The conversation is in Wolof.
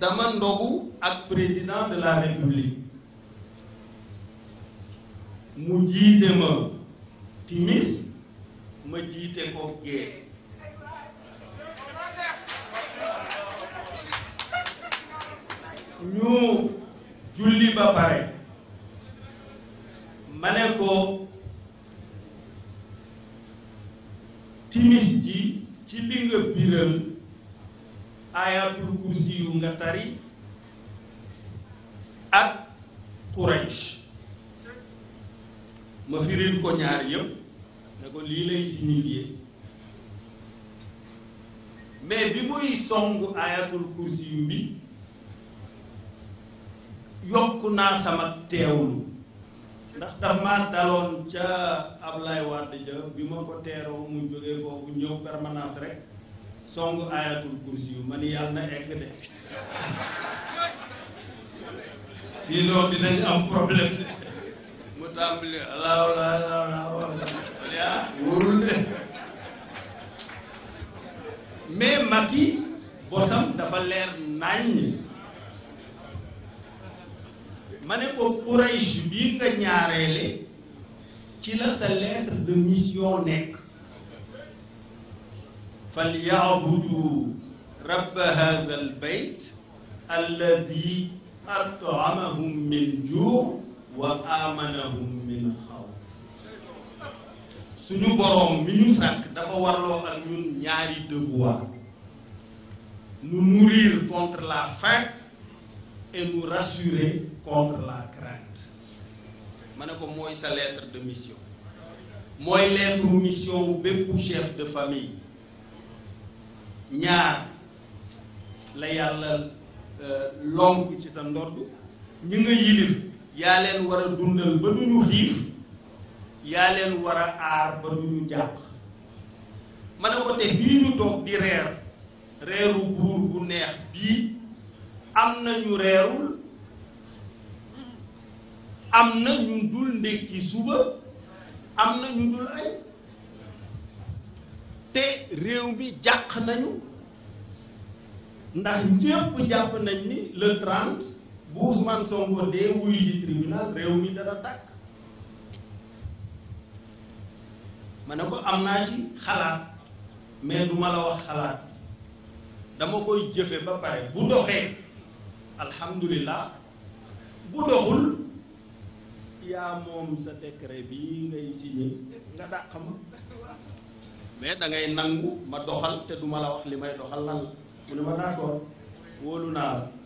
dama ndogu ak président de la république ma timis ma jiite ko gee ñu julli ba pare ma ko timis ji ci li nga biral ayatul kursi yu nga tari ak Quraysh ma firil ko ñaar yëpp ne ko lii lay signifier mais bi muy song ayatul kursi yu bi yokk naa sama teewlu ndax daf ma daloon ca Ablaye Wade ja bi ma ko teeroo mu jógee foofu ñëw permanence rek songu ayatul kursi yu ma ni yàlla na egg de sinon dinañ am problème mu tàmbali alaaw alaaw alaaw alaaw wóorul de mais Macky bosam dafa leer naññ ma ne ko Quraysh bii nga ñaareele ci la sa lettre de mission nekk falyabudu rabba haza albayt alladi atamahum min juu wa amanahum min xawf suñu boroom mi ñu sàkk dafa warloo ak ñun ñaari devoir nous nourrir contre la faim et nous rassurer contre la crainte ma ne ko mooy sa lettre de mission mooy lettre mission bépp chef de famille ñaar la yàlla euh, lonk ci sa ndodd ñu nga yilif yaa leen war a dundal ba du ñu xiif yaa leen war a aar ba du ñu jàpp ma ne ko fii ñu toog di reer reeru buur bu neex bii am na ñu reerul am na ñu dul ndekki suba am na ñu dul añ réew mi jàq nañu ndax ñépp jàpp nañ ni le bu Ousmane Sonko dee wuyu ji tribunal réew mi dana tàkk ma ne ko am naa ci xalaat mais du ma la wax xalaat dama koy jëfe ba pare bu doxee alhamdulilah bu doxul yaa moom sa décret bi ngay signé nga dàq ma mais da ngay nangu ma doxal te duma la wax li may doxal lan la mu ne ma d'accord wóolu naa la